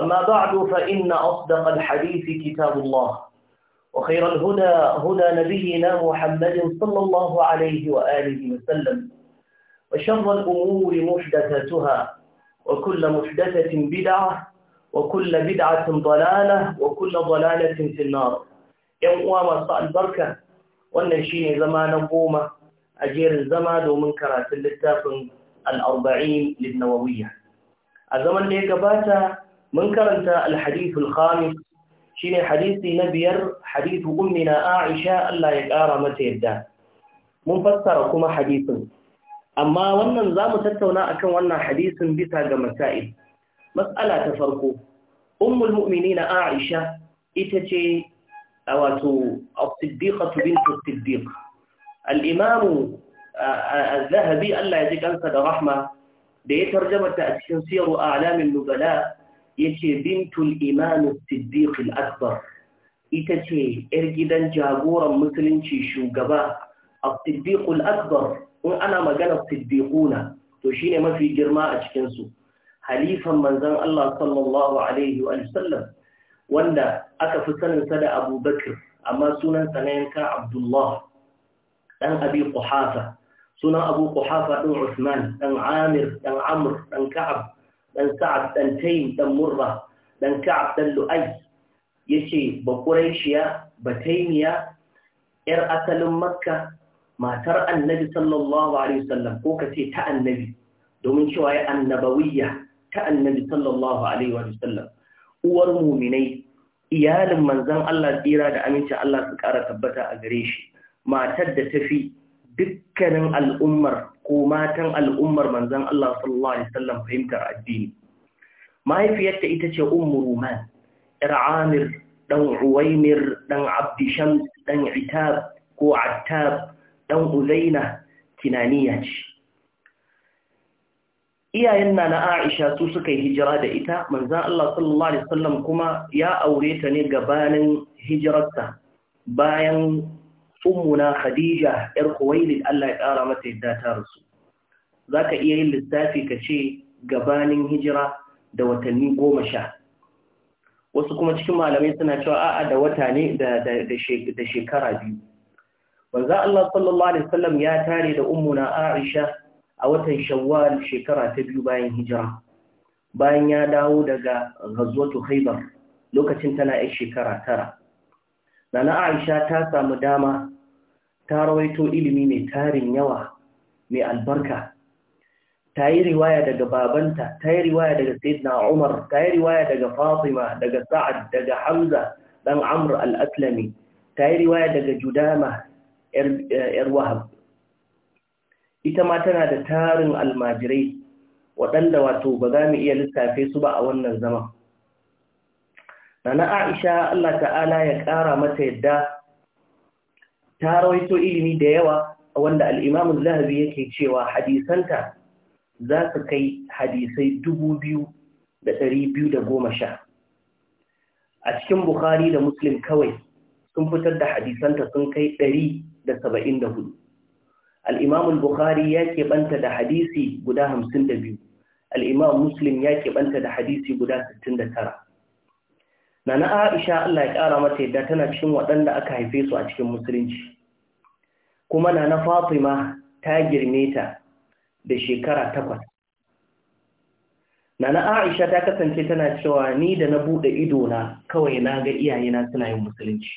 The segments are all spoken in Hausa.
أما بعد فإن أصدق الحديث كتاب الله وخير الهدى هدى نبينا محمد صلى الله عليه وآله وسلم وشر الأمور محدثاتها وكل محدثة بدعة وكل بدعة ضلالة وكل ضلالة في النار يوم مساء البركة والنشين زمان قومة أجير الزمان ومن كرات اللتاف الأربعين للنووية الزمن اللي قباته mun karanta alhadithul khamis shine hadisi na biyar hadithu ummina Aisha Allah ya ƙara mata yadda mun fassara kuma hadisin amma wannan zamu tattauna akan wannan hadisin bisa ga masail mas'ala ta farko ummul mu'minina Aisha ita ce wato as-siddiqah bint as-siddiq al-imam az-zahabi Allah ya ji kansa da rahma da ya tarjama ta a cikin siyaru a'lamin nubala yace bintul imam siddiq al-akbar ita ce yar gidan jagoran musulunci shugaba as-siddiq al-akbar in ana magana siddiquna to shine mafi girma a cikin su halifan manzon Allah sallallahu alaihi wa sallam wanda aka fi sanin sa da Abu Bakr amma sunan sa ne yanka Abdullah dan Abi Quhafa sunan Abu Quhafa din Uthman dan Amir dan Amr dan Ka'ab dan Ka'ab dan Taym dan Murra dan Ka'ab dan Lu'ay yace ba Quraishiya ba Taymiya yar asalin Makka matar Annabi sallallahu alaihi wasallam ko kace ta Annabi domin cewa ya annabawiyya ta Annabi sallallahu alaihi wasallam uwar mu'minai iyalin manzon Allah tsira da aminci Allah su ƙara tabbata a gare shi matar da tafi dukkanin al'ummar ko matan al'ummar manzan Allah sallallahu Alaihi wasallam fahimtar addini. Mahaifiyarta ita ce Ummu Ruman, ‘yar Amir, ɗan Uwaimir, ɗan Abdisham, ɗan Itab ko Attab, ɗan Uzaina, Kinaniya ce. Iyayen na na Aisha su suka yi hijira da ita, manzan Allah sallallahu Alaihi wasallam kuma ya aure ta ne gabanin hijirarsa bayan ummuna khadija yar kuwailid Allah ya ƙara mata yadda ta rasu za ka iya yin lissafi ka ce gabanin hijira da watanni goma sha wasu kuma cikin malamai suna cewa a'a da wata ne da shekara biyu wanzu Allah sallallahu Alaihi wasallam ya tare da ummuna Aisha a watan shawwal shekara ta biyu bayan hijira bayan ya dawo daga gazuwatu haibar lokacin tana yar shekara tara Nana Aisha ta samu dama ta rawaito ilimi mai tarin yawa mai albarka. Ta yi riwaya daga babanta, ta yi riwaya daga Sayyidina Umar, ta yi riwaya daga Fatima, daga Sa'ad, daga Hamza, ɗan Amr al-Aslami, ta yi riwaya daga Judama, ‘yar Wahab. Ita ma tana da tarin almajirai waɗanda wato ba za mu iya lissafe su ba a wannan zaman. Nana Aisha Allah ta'ala ya ƙara mata yadda ta rawaito ilimi da yawa wanda al'imamun zahabi yake cewa hadisanta za su kai hadisai dubu biyu da biyu da goma sha. A cikin Bukhari da Muslim kawai sun fitar da hadisanta sun kai ɗari da saba'in da hudu. Al'imamun Bukhari ya keɓanta da hadisi guda hamsin da biyu, al'imam Muslim ya keɓanta da hadisi guda sittin da tara. na na aisha Allah ya ƙara mata yadda tana cikin waɗanda aka haife su a cikin musulunci kuma na na fatima ta girme ta da shekara takwas na na aisha ta kasance tana cewa ni da na buɗe idona kawai na ga iyayena suna yin musulunci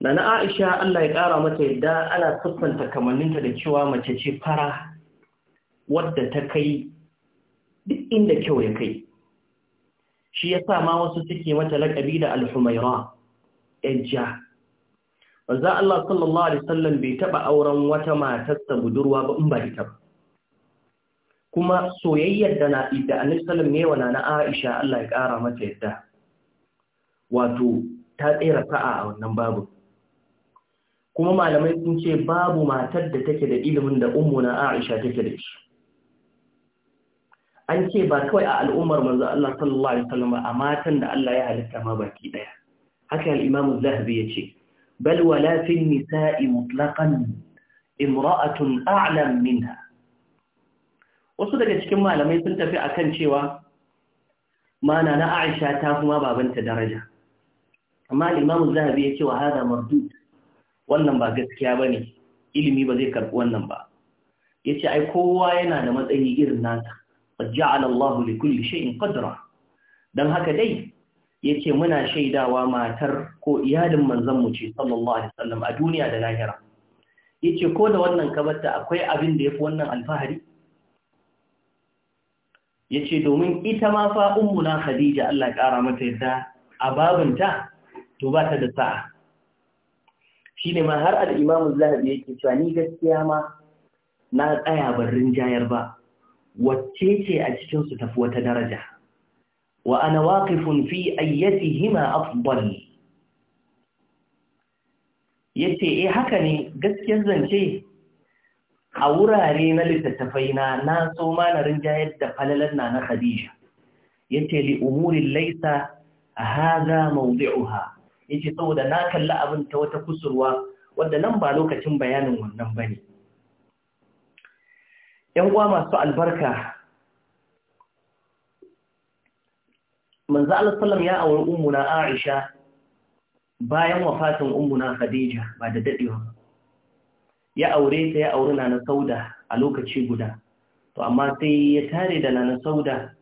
na na aisha Allah ya kara mata yadda ana siffanta kamanninta da cewa mace ce fara wadda ta kai duk inda kyau ya kai shi ya sa ma wasu suke mata laƙabi da alhumaira ejja Baza Allah sallallahu Alaihi wasallam bai taba auren wata matarsa budurwa ba in ba ita kuma soyayyar da na da annisalam ne wa na aisha Allah ya kara mata yadda wato ta tsira sa'a a wannan babu kuma malamai sun ce babu matar da take da ilimin da ummu na aisha take da shi an ce ba kawai a al'ummar manzo Allah sallallahu alaihi wasallam a matan da Allah ya halitta ma baki daya haka al-Imam Az-Zahabi ce, bal wala fi nisa'i mutlaqan imra'atun a'lam minha wasu daga cikin malamai sun tafi akan cewa mana na Aisha ta kuma babanta daraja amma al-Imam Az-Zahabi ce, wa hada mardud wannan ba gaskiya bane ilimi ba zai karbi wannan ba yace ai kowa yana da matsayi irin nasa qad li kulli shay'in qadra dan haka dai yace muna shaidawa matar ko iyalin manzon mu ce sallallahu alaihi wasallam a duniya da lahira yace ko da wannan kabarta akwai abin da yafi wannan alfahari yace domin ita ma fa na Khadija Allah kara mata yadda a babunta to ba ta da sa'a shine ma har al-Imam az-Zahabi yake cewa ni gaskiya ma na tsaya ban rinjayar ba wacce ce a cikin tafi wata daraja wa ana waqifun fi ayyatihima Ya yace eh haka ne gaskiyar zance a wurare na littattafai na na so ma na rinjayar da falalan na na Khadija yace li umurin laisa hadha Ya yace saboda na kalli abin ta wata kusurwa wadda nan ba lokacin bayanin wannan bane ‘yan uwa masu albarka manzo alasallam ya auri ummuna aisha bayan wafatin ummuna khadija ba da daɗewa, ya aure ta ya auri nana sauda a lokaci guda to amma sai ya tare da nana sauda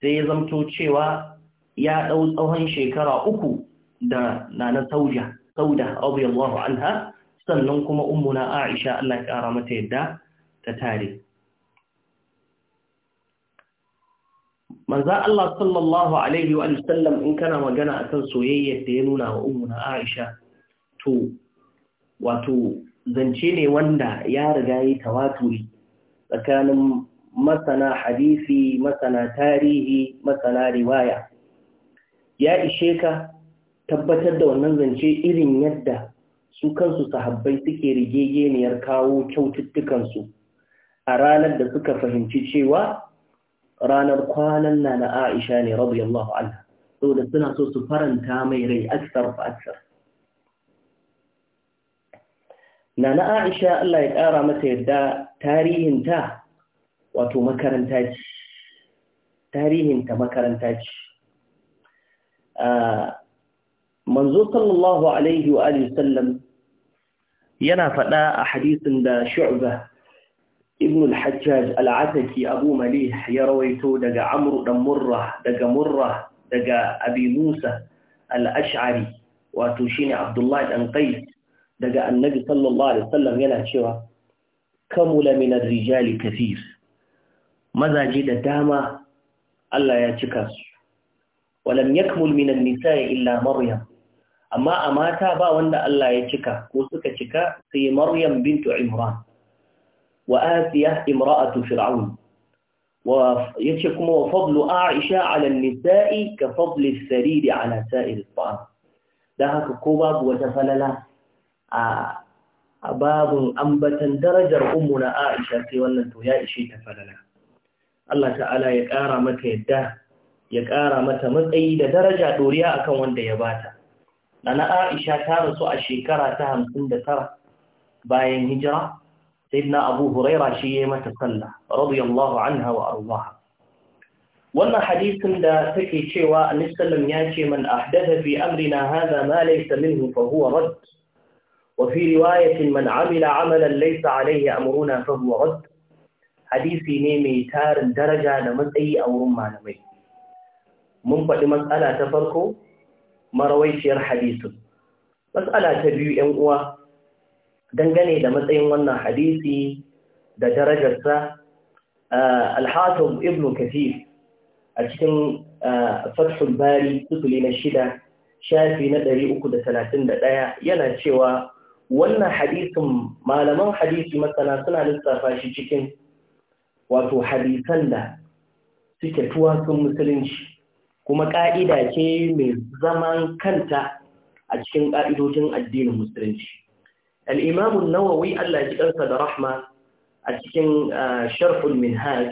sai ya zamto cewa ya ɗau tsohon shekara uku da nana sauda sauda radiyallahu anha sannan kuma ummuna aisha Allah ya ƙara mata yadda ta tare manzan Allah sallallahu Alaihi wa sallam in kana magana akan soyayyar da ya nuna wa na Aisha to wato zance ne wanda ya riga yi tawaturi tsakanin masana hadisi masana tarihi masana riwaya ya ishe ka tabbatar da wannan zance irin yadda su kansu sahabbai suke rigegeniyar kawo kyaututtukansu a ranar da suka fahimci cewa ranar kwanan na na Aisha ne radiyallahu anha saboda suna so su faranta mai rai aksar fa aksar na na Aisha Allah ya ƙara mata yadda tarihinta wato makaranta ce tarihinta makaranta ce manzo sallallahu alaihi wa alihi sallam yana faɗa a hadisin da shu'ba ibn al-hajjaj al-ataki abu malih ya rawaito daga amru dan murra daga murra daga abi al-ash'ari wato shine abdullahi dan qais daga annabi sallallahu alaihi wasallam yana cewa kamula min ar-rijali kathir mazaje da dama Allah ya cika su walam yakmul min an-nisa'i illa maryam amma a mata ba wanda Allah ya cika ko suka cika sai maryam bintu imran wa asiya imra'atu fir'aun wa yace kuma wa fadlu aisha ala ga ka fadli sariri ala sa'ir ta'am dan haka ko babu wata falala a babun ambatan darajar ummuna aisha sai wannan to ya ishe ta falala Allah ta'ala ya ƙara mata yadda ya ƙara mata matsayi da daraja doriya akan wanda ya bata Nana Aisha ta rasu a shekara ta hamsin da tara bayan hijira sayyidina abu huraira shi ya mata sallah radiyallahu anha wa arzaha wannan hadisin da take cewa annabi sallam ya ce man ahdatha fi amrina hadha ma laysa minhu fa huwa rad wa fi riwayatin man amila amalan laysa alayhi amruna fa huwa rad hadisi ne mai tarin daraja da matsayi a wurin malamai mun faɗi matsala ta farko marawaiciyar hadisin matsala ta biyu 'yan uwa dangane da matsayin wannan hadisi da darajarsa eh, alhatum ibnu kafir a cikin eh, fathul bari sufuli na shida shafi na ɗari da da talatin ɗaya yana cewa wannan hadisin malaman hadisi masana suna lissafa shi cikin wato hadisan da suke tuwasun musulunci kuma ƙa'ida ce mai zaman kanta a cikin ƙa'idojin addinin musulunci allah da rahma a cikin الإمام النووي الله يجعلها رحمة أتكن شرح a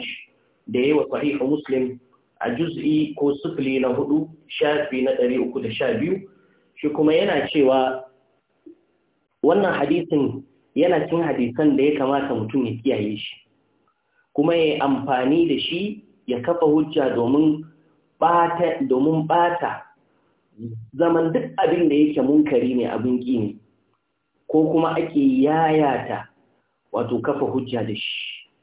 دي وصحيح مسلم الجزئي كو سفلي نهدو شافي نتري أكد shi kuma yana cewa wannan hadisin yana cin hadisan da ya kamata mutum ya kiyaye shi kuma ya amfani da shi ya kafa hujja domin bata zaman duk abinda yake munkari ne abin ƙi ne ko kuma ake yayata wato kafa hujja da shi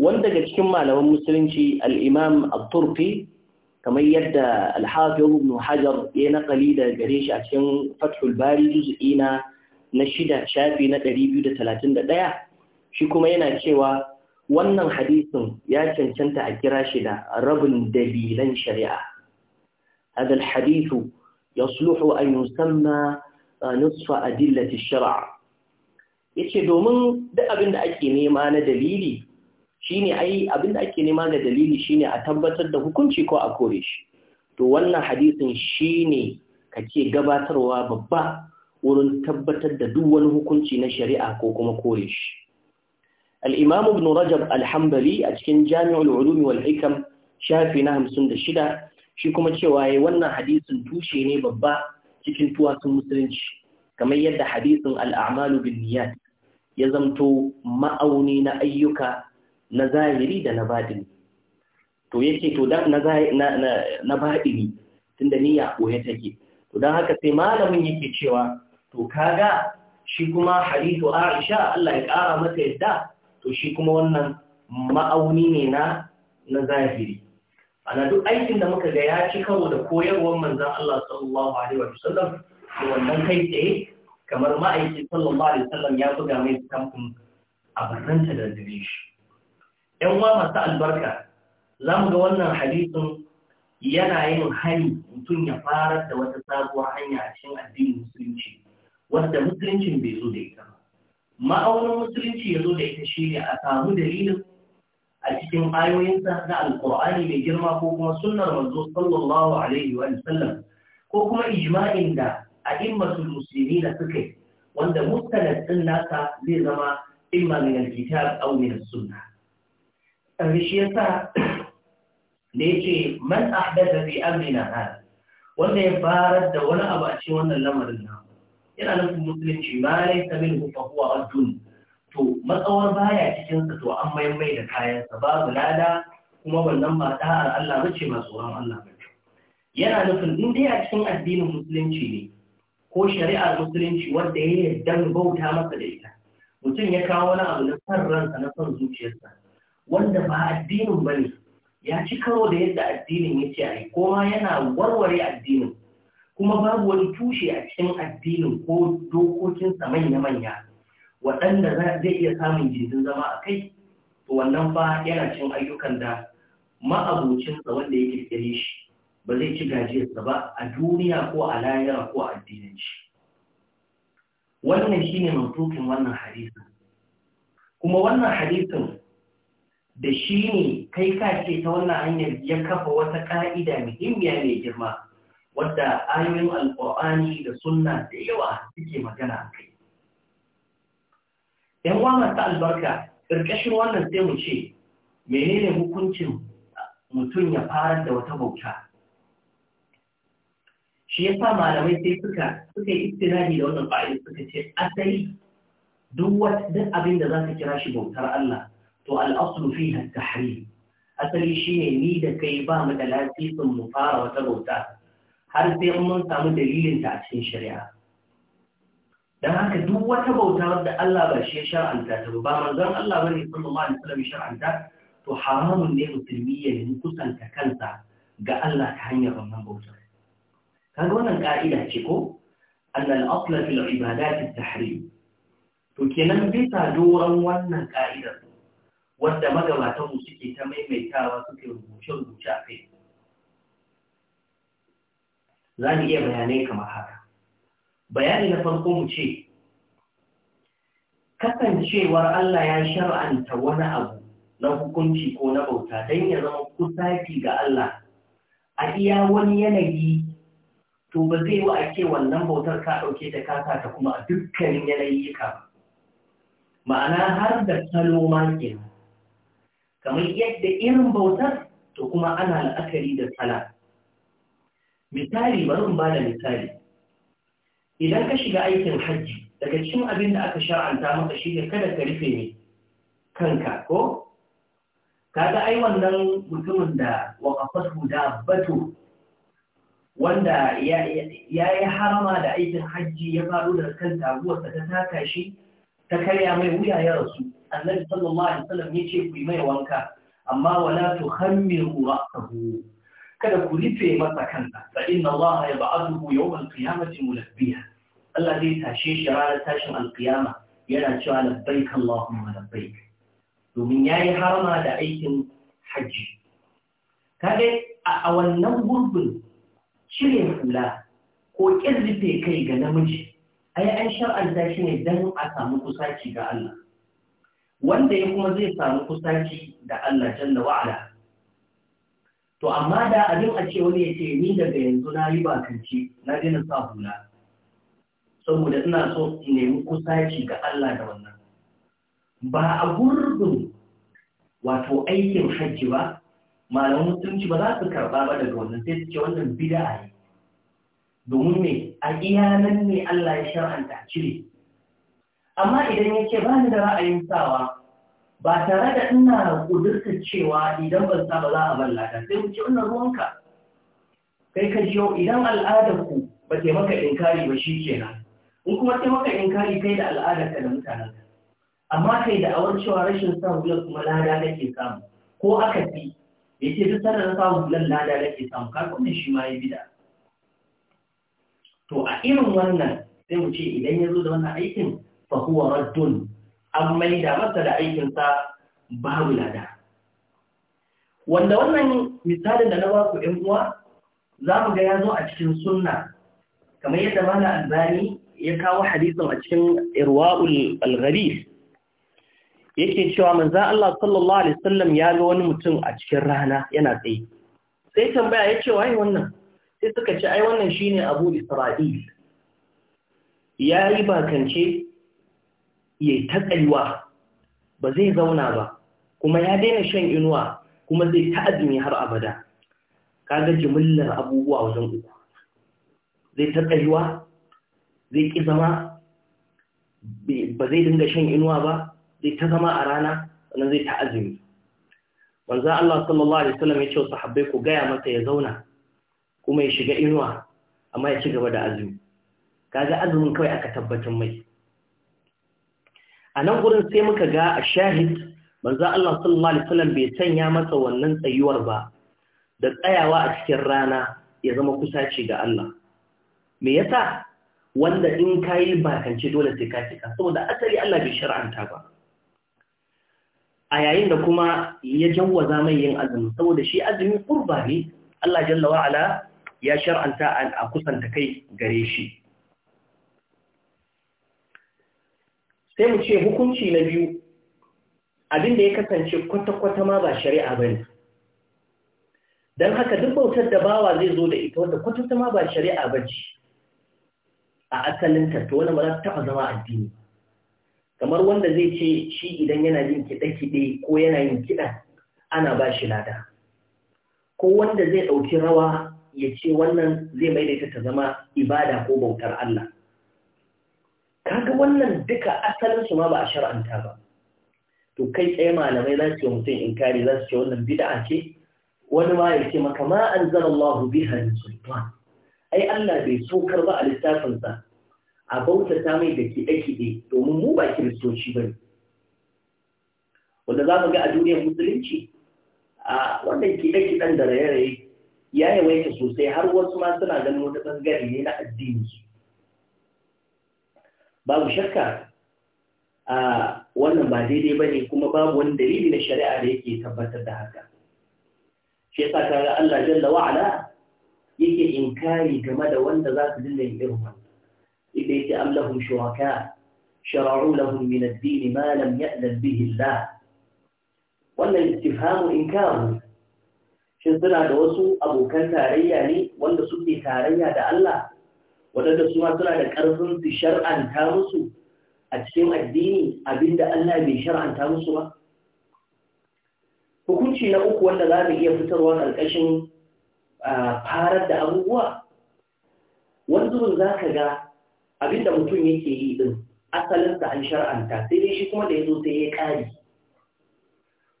wani daga cikin malaman musulunci al'imam al-turfi kamar yadda al-hafiz ibn hajar ya nakali da gare shi a cikin fathul bari juz'i na shida shafi na 231 shi kuma yana cewa wannan hadisin ya cancanta a kira shi da rabin dalilan shari'a hadal hadisu yasluhu an yusamma nusfa adillati shar'a yace domin duk abin da ake nema na dalili shine ai abin da ake nema ga dalili shine a tabbatar da hukunci ko a kore shi to wannan hadisin shine kake gabatarwa babba wurin tabbatar da duk wani hukunci na shari'a ko kuma kore shi al-imam ibn rajab al-hanbali a cikin jami'ul ulum wal hikam shafi na 56 shi kuma cewa yayi wannan hadisin tushe ne babba cikin tuwatsun musulunci kamar yadda hadisin al'amalu bin niyat ya zamto ma'auni na ayyuka na zahiri da na baɗini to yake to dan na na baɗini tunda niyya ɓoye take to dan haka sai malamin yake cewa to kaga shi kuma hadithu Aisha Allah ya ƙara mata yadda to shi kuma wannan ma'auni ne na na zahiri ana duk aikin da muka ga ya ci karo da koyarwar manzan Allah sallallahu alaihi wa sallam da wannan kai tsaye kamar ma'aikin sallallahu alaihi wa sallam ya buga mai tamfin a barranta da zube shi yan uwa masu albarka za mu ga wannan hadisin yana yin hani mutum ya fara da wata sabuwar hanya a cikin addinin musulunci wanda musuluncin bai zo da ita ma'aunin musulunci ya zo da ita shi ne a samu dalilin a cikin ayoyinsa na alkur'ani mai girma ko kuma sunnar manzo sallallahu alaihi wa sallam ko kuma ijma'in da a'immatul muslimin suka wanda mustanad din nasa zai zama imma min alkitab aw min as-sunnah shi yasa da yace man ahdatha fi amrina hada wanda ya farar da wani abu a cikin wannan lamarin na yana nufin musulunci ma laysa minhu fa huwa raddun to matsawar baya cikin sa to an maimai da kayan sa babu lada kuma wannan ba da'ar Allah bace ba tsoron Allah ba yana nufin in dai a cikin addinin musulunci ne ko shari'ar musulunci wanda ya yarda bauta masa da ita mutum ya kawo wani abu na san ransa na son zuciyarsa wanda ba addinin ba ne ya ci karo da yadda addinin ya ce ai koma yana warware addinin kuma babu wani tushe a cikin addinin ko dokokinsa manya-manya waɗanda zai iya samun gindin zama a kai to wannan ba yana cin ayyukan da ma'abocinsa wanda ya kirkire shi ba zai ci gajiyarsa ba a duniya ko a lahira ko a addinanci wannan shine mantukin wannan hadisin kuma wannan hadisin da shi ne kai kace ta wannan hanyar ya kafa wata ka'ida muhimmiya mai girma wadda ayoyin alƙur'ani da sunna da yawa suke magana a kai ‘yan uwa masu albarka ƙarƙashin wannan sai mu ce menene hukuncin mutum ya fara da wata bauta shi ya sa malamai sai suka suka yi istirari da wannan fa'ida suka ce asali duk wata abin da za ka kira shi bautar Allah to fi fiha hari. asali shine ni da kai ba mu da lasisin mu fara wata bauta har sai mun samu dalilin ta a cikin shari'a dan haka duk wata bauta wadda Allah ba shi ya shar'anta ta ba manzan Allah bane sallallahu alaihi da ya shar'anta to haramun ne musulmi ya nemi kusanta kansa ga Allah ta hanyar wannan bauta kaga wannan ka'ida ce ko annal asla fil ibadat at-tahrim to kenan bisa doron wannan ka'idar wanda mu suke ta maimaitawa suke rubuce-rubuce a kai za mu iya bayanai kamar haka bayani na farko mu ce kasancewar Allah ya shar'anta wani abu na hukunci ko na bauta don ya zama kusafi ga Allah a iya wani yanayi to ba zai wa ake wannan bautar ka ɗauke da kasa ta kuma a dukkanin yanayi ka ma'ana har da salo ma kamar yadda irin bautar to kuma ana la'akari da sala misali bari in ba da misali idan ka shiga aikin hajji daga cikin abin da aka sha'anta maka shi ne kada ka rufe ne kanka ko kaga ai wannan mutumin da waqafatu da batu wanda ya yi harama da aikin hajji ya faru da kan taguwarsa ta taka shi ta karya mai wuya ya rasu annabi sallallahu alaihi wasallam ya ce ku yi mai wanka amma wala tuhammiru ra'sahu kada ku rufe masa kansa fa inna Allah ya ba'athu yawmal qiyamati mulabbiya Allah zai tashe shi ranar tashin alqiyama yana cewa labbaik Allahumma labbaik domin yayi harama da aikin haji kage a wannan gurbin cire kula, ko kirrife kai ga namiji ai an shar'anta shi ne dan a samu kusaci ga Allah wanda ya kuma zai samu kusaci da Allah jalla wa'ala to amma da abin a ce wani ya ce ni daga yanzu na yi bakanci, na daina sa hula saboda ina so in nemi kusaci ga Allah da wannan ba a gurbin wato aikin hajji ba malamin mutunci ba za su karɓa ba daga wannan sai su ce wannan bid'a yi. domin me a iyanan ne Allah ya shar'anta cire amma idan ya ce ba ni da ra'ayin sawa ba tare da ina ƙudurta cewa idan ban sa ba za a ballata sai ce wannan ruwanka kai ka jiyo idan al'adarku ba ta maka inkari ba shi kenan in kuma ta maka inkari kai da al'adarka da mutanenka amma kai da awar cewa rashin sa hular kuma lada nake samu ko aka fi ya ce duk sanar sa hular lada nake samu ka kuma shi ma ya bida to a irin wannan sai mu ce idan ya zo da wannan aikin fa huwa raddun an maida masa da aikinsa babu lada wanda wannan misalin da na ba ku uwa za mu ga ya zo a cikin sunna kamar yadda mana albani ya kawo hadisin a cikin irwa'ul al yake cewa manza Allah sallallahu alaihi wasallam ya ga wani mutum a cikin rana yana tsaye sai tambaya ya ce wai wannan sai suka ce ai wannan shine Abu Isra'il yayi bakance ya ta tsayuwa ba zai zauna ba kuma ya daina shan inuwa kuma zai ta har abada kaga jimillar abubuwa wajen uku zai ta tsayuwa zai ƙi zama ba zai dinga shan inuwa ba zai ta zama a rana sannan zai ta azumi Allah sallallahu alaihi wasallam ya ce wa sahabbai ku gaya masa ya zauna kuma ya shiga inuwa amma ya ci gaba da azumi kaga azumin kawai aka tabbatar mai a nan gurin sai muka ga a shahid manzo Allah sallallahu alaihi wasallam bai sanya masa wannan tsayuwar ba da tsayawa a cikin rana ya zama kusa kusaci ga Allah me yasa wanda in kayi bakance dole sai ka cika saboda asali Allah bai shar'anta ba a yayin da kuma ya jawwaza mai yin azumi saboda shi azumin kurba Allah jalla wa ya shar'anta a kusanta kai gare shi sai mu ce hukunci na biyu Abinda ya kasance kwata-kwata ma ba shari'a ba ne don haka duk bautar da bawa zai zo da ita wadda kwata-kwata ma ba shari'a ba ce a asalin tattu wani ba za taɓa zama addini kamar wanda zai ce shi idan yana yin kiɗe-kiɗe ko yana yin kiɗa ana ba shi lada ko wanda zai ɗauki rawa ya ce wannan zai maidaita ta zama ibada ko bautar Allah kaga wannan duka asalin su ma ba a shar'anta ba to kai tsaye malamai za su yi mutum kare za su ce wannan bid'a ce wani ma ya ce maka ma anzalallahu biha min sultan ai Allah bai sokar ba a littafin sa a bautata mai da ke kiɗe domin mu ba kiristoci bane wanda za mu ga a duniyar musulunci a wannan kiɗe-kiɗen da raye-raye ya yawaita sosai har wasu ma suna ganin wani bangare ne na addini babu shakka a wannan ba daidai ba ne kuma babu wani dalili na shari'a da yake tabbatar da haka shi yasa kaga Allah jalla wa ala yake inkari game da wanda za su dinga yin irin wannan idan yake am shuraka shara'u lahum min ad-din ma lam ya'lam bihi Allah wannan istifhamu inkaru shin suna da wasu abokan tarayya ne wanda suke tarayya da Allah waɗanda su ma suna da ƙarfin su shar'anta musu a cikin addini abinda Allah bai shar'anta musu ba hukunci na uku wanda za mu iya fitarwa ƙarƙashin farar da abubuwa wani za ka ga abinda mutum yake yi din asalinsa an shar'anta sai dai shi kuma da ya zo sai ya ƙari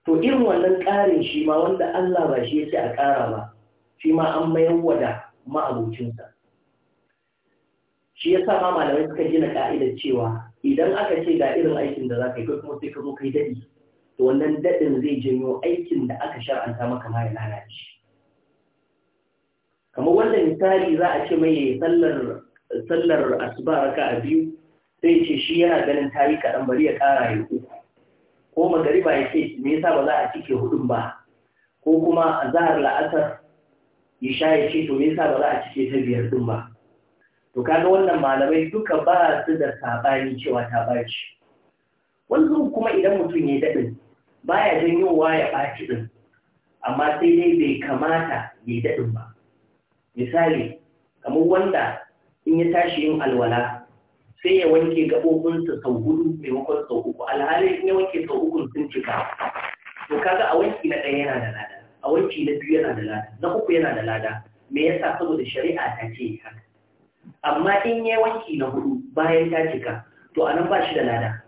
to irin wannan ƙarin shi ma wanda Allah ba shi ya ci a ƙara ba shi ma an mayar wada ma'abocinsa shi yasa ma malamai suka gina ka'idar cewa idan aka ce ga irin aikin da za ka yi kuma sai ka zo kai daɗi to wannan daɗin zai janyo aikin da aka shar'anta maka ma ya lalace kamar wanda misali za a ce mai sallar sallar asuba raka a biyu sai ce shi yana ganin ta yi kaɗan bari ya ƙara ya uku ko magariba ya ce me yasa ba za a cike hudun ba ko kuma a zahar la'asar ya sha ya ce to me yasa ba za a cike ta biyar din ba to kaga wannan malamai duka ba su da sabani cewa ta baci wanzu kuma idan mutum ya daɗin baya janyowa ya baci ɗin amma sai dai bai kamata ya yi daɗin ba misali kamar wanda in ya tashi yin alwala sai ya wanke gabobinsa sau hudu maimakon sau uku alhali in ya wanke sau uku sun cika to kaga a wanki na ɗaya yana da lada a wanki na biyu yana da lada na uku yana da lada me yasa saboda shari'a ta ce haka amma in ya wanki na hudu bayan ta cika to a nan ba shi da lada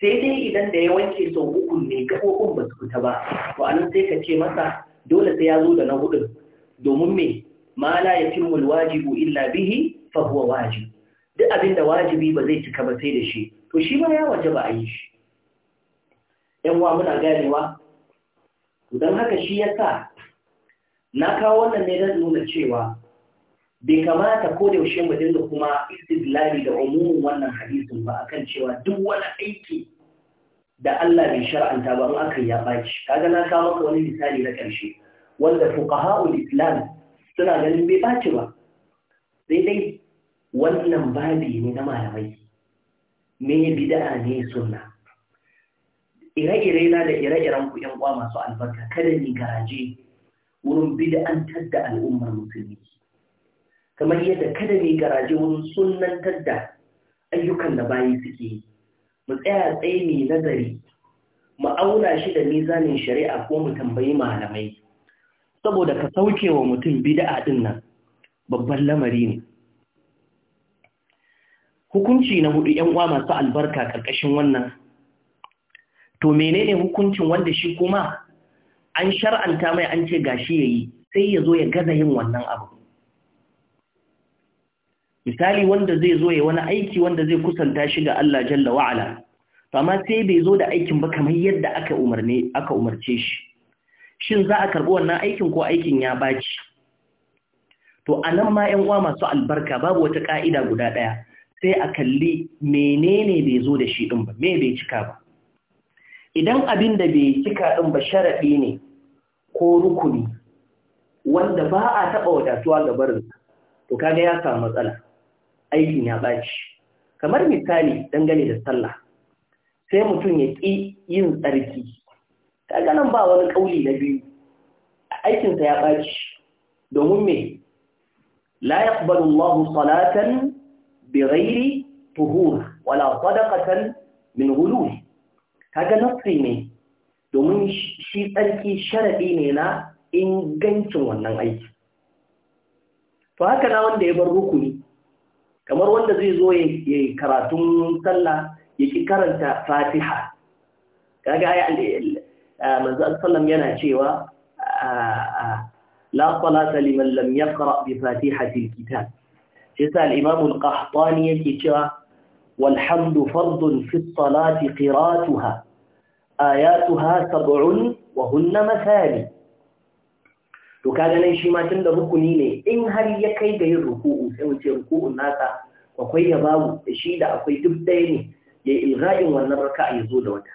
sai dai idan da ya wanke sau uku ne gaɓoɓin ba su fita ba to a nan sai ka ce masa dole sai ya zo da na hudun domin me ma la cimma wajibu illa bihi fa huwa wajib duk abin da wajibi ba zai cika ba sai da shi to shi ma ya waje ba a yi shi yan wa muna ganewa don haka shi yasa na kawo wannan ne don nuna cewa bai kamata ko da yaushe mu dinga kuma istidlali da umumin wannan hadisin ba akan cewa duk wani aiki da Allah bai shar'anta ba in aka ya baki kaga na kawo maka wani misali na ƙarshe wanda fuqaha'ul islam suna ganin bai baki ba sai dai wannan babi ne na malamai me bid'a ne sunna ire-ire na da ire-iren ku yan kwa masu albarka kada ni garaje wurin bid'antar da al'ummar musulmi kamar yadda kada ne garaje wurin sunantar da ayyukan da bayi suke yi mu tsaya tsaye mai nazari mu auna shi da mizanin shari'a ko mu tambayi malamai saboda ka sauke wa mutum bida'a din nan babban lamari ne hukunci na hudu yan uwa masu albarka karkashin wannan to menene hukuncin wanda shi kuma an shar'anta mai an ce gashi yayi sai ya zo ya gaza yin wannan abu misali wanda zai zo ya wani aiki wanda zai kusanta shi ga Allah jalla wa'ala amma sai bai zo da aikin ba kamar yadda aka umarne aka umarce shi shin za a karbi wannan aikin ko aikin ya baci to anan ma 'yan uwa masu albarka babu wata ka'ida guda ɗaya sai a kalli menene bai zo da shi din ba me bai cika ba idan abin da bai cika din ba sharaɗi ne ko rukuni wanda ba a taɓa wadatuwa ga barin to kaga ya samu matsala Aikin ya baci kamar misali dangane da sallah sai mutum ya ƙi yin tsarki ta nan ba wani ƙauye na biyu aikinsa ya baci domin mai la yaqbalu Allahu salatan Birairi, tuhur wala sadaqatan min ta kaga sai ne domin shi tsarki sharaɗi ne na ingancin wannan aiki to haka na wanda ya bar rukuni kamar wanda zai zo ya karatun sallah ya ki karanta fatiha kaga ya manzo sallam yana cewa la salata liman lam yaqra bi fatihati alkitab shi sa al-imam al-qahtani yake cewa والحمد فرض في الصلاة قراتها آياتها سبع وهن مثالي to ka ganin shi ma tun da rukuni ne in har ya kai ga yin ruku'u sai mu ce ruku'un nasa akwai ya babu da shi da akwai duk ɗaya ne ya yi wannan raka'a ya zo da wata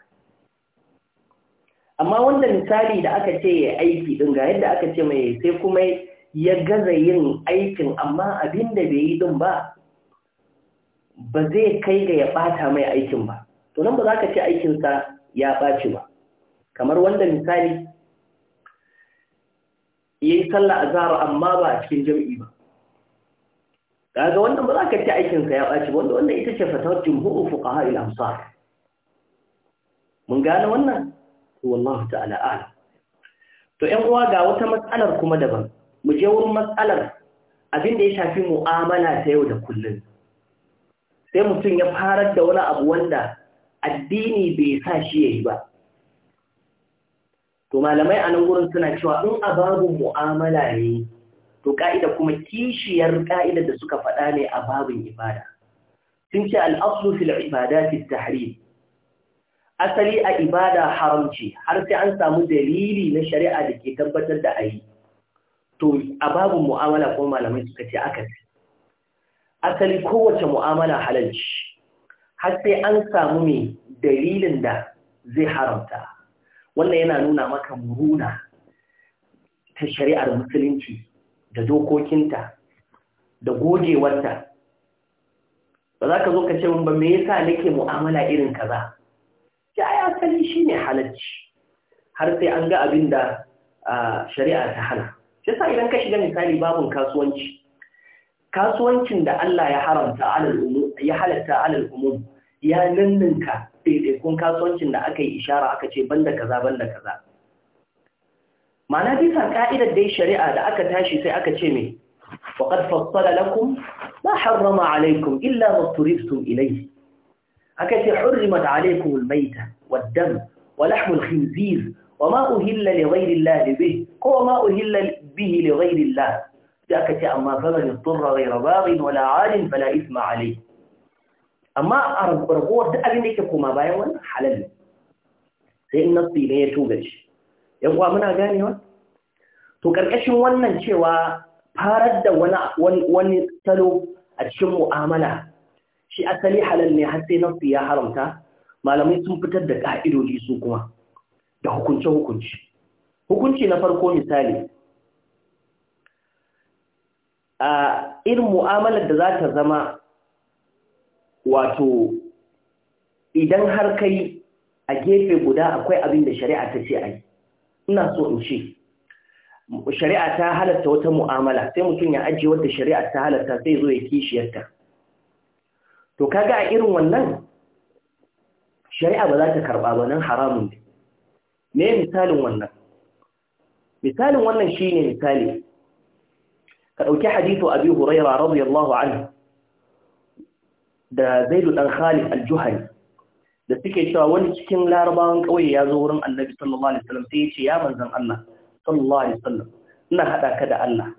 amma wanda misali da aka ce ya aiki din ga yadda aka ce mai sai kuma ya gaza yin aikin amma abin da bai yi din ba ba zai kai ga ya bata mai aikin ba to nan ba za ka ce aikinsa ya ɓaci ba kamar wanda misali yi sallah azhar amma ba a cikin jami'i ba kaga wannan ba za ka ci aikin sa ya baci wanda wannan ita ce fatawar jumhur fuqaha al amsar mun gane wannan to wallahi ta'ala a'lam to ƴan uwa ga wata matsalar kuma daban mu je wurin matsalar abin da ya shafi mu'amala ta yau da kullum sai mutum ya farar da wani abu wanda addini bai sa shi yayi ba to malamai a nan wurin suna cewa in a babu mu'amala ne to ka'ida kuma kishiyar ka'ida da suka faɗa ne a babin ibada sun ce al'aslu fil ibadati tahrim asali a ibada haramci har sai an samu dalili na shari'a da ke tabbatar da yi, to a babu mu'amala ko malamai suka ce akasi asali kowace mu'amala halalci har sai an samu mai dalilin da zai haramta wannan yana nuna maka muruna ta shari'ar musulunci da dokokinta da gogewarta ba za ka zo ka ce mun ba me yasa nake mu'amala irin kaza ya ai asali shine halarci. har sai an ga abin da shari'a ta hana shi yasa idan ka shiga misali babun kasuwanci kasuwancin da Allah ya haramta alal umum halatta alal umum ya nannanka daidaikun kasuwancin da aka yi ishara aka ce banda kaza banda kaza ma'ana bisa ka'idar dai shari'a da aka tashi sai aka ce mai faqad fassala lakum ma harrama alaykum illa ma turistum ilayhi aka ce hurrimat alaykum almayta wad-dam wa lahm al wa ma uhilla li ghayri llahi bih ko ma uhilla bihi li ghayri llah da aka ce amma fa man ghayra baghin wa la 'alin fala isma alayhi amma a ragowar duk abin da yake koma bayan wannan halal sai in nasu ne ya tuga shi yan kuwa muna ganewa to karkashin wannan cewa farar da wani salo a cikin mu'amala shi asali halal ne har sai nasu ya haramta malamai sun fitar da ka'idoji su kuma da hukunce hukunci hukunci na farko misali a irin mu'amalar da za ta zama wato idan har kai a gefe guda akwai abin da shari'a ta ce a yi ina so in ce shari'a ta halatta wata mu'amala sai mutum ya ajiye wata shari'a ta halatta sai zo ya kishiyarta to kaga a irin wannan shari'a ba za ta karɓa ba nan haramun ne me misalin wannan misalin wannan shine misali ka ɗauki hadithu abi huraira radiyallahu anhu da zaidu dan khalid al da suke cewa wani cikin larabawan kauye ya zo wurin annabi sallallahu alaihi wasallam sai ya ce ya manzon Allah sallallahu alaihi wasallam ina hada ka da Allah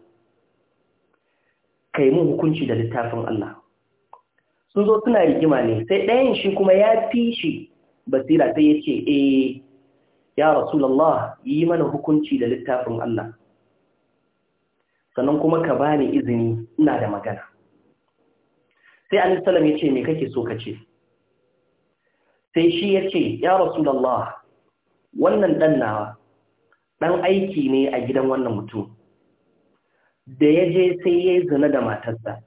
kai mu hukunci da littafin Allah sun zo suna rigima ne sai ɗayan shi kuma ya fi shi basira sai ya ce eh ya rasulullah yi mana hukunci da littafin Allah sannan kuma ka bani izini ina da magana sai an salam ya ce me kake so kace sai shi ya ce ya rasulullah wannan dan nawa dan aiki ne a gidan wannan mutum da ya je sai ya yi zina da matarsa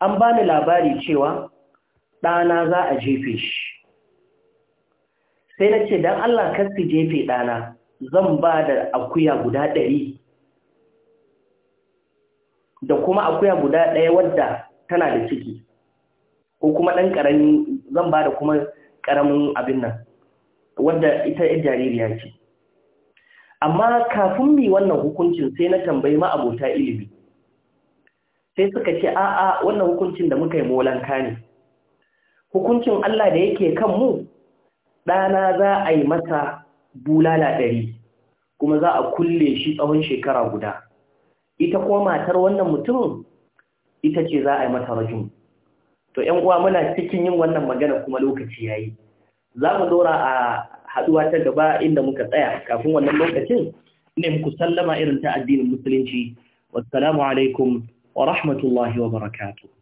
an ba ni labari cewa ɗana za a jefe shi sai na ce don Allah kasi jefe ɗana zan ba da akuya guda ɗari da kuma akuya guda ɗaya wadda tana da ciki ko kuma ɗan ƙarami zan ba da kuma ƙaramin abin nan wadda ita ya jaririya ce amma kafin mi wannan hukuncin sai na tambayi ma abota ilimi sai suka ce a'a wannan hukuncin da muka yi molanka ne hukuncin Allah da yake kan mu ɗana za a yi masa bulala ɗari kuma za a kulle shi tsawon shekara guda ita kuma matar wannan mutumin ita ce za a yi mata rajin to ‘yan uwa muna cikin yin wannan magana kuma lokaci ya yi za mu dora a haɗuwa ta gaba inda muka tsaya kafin wannan lokacin ne muku sallama irin ta addinin musulunci wassalamu alaikum wa rahmatullahi wa barakatuh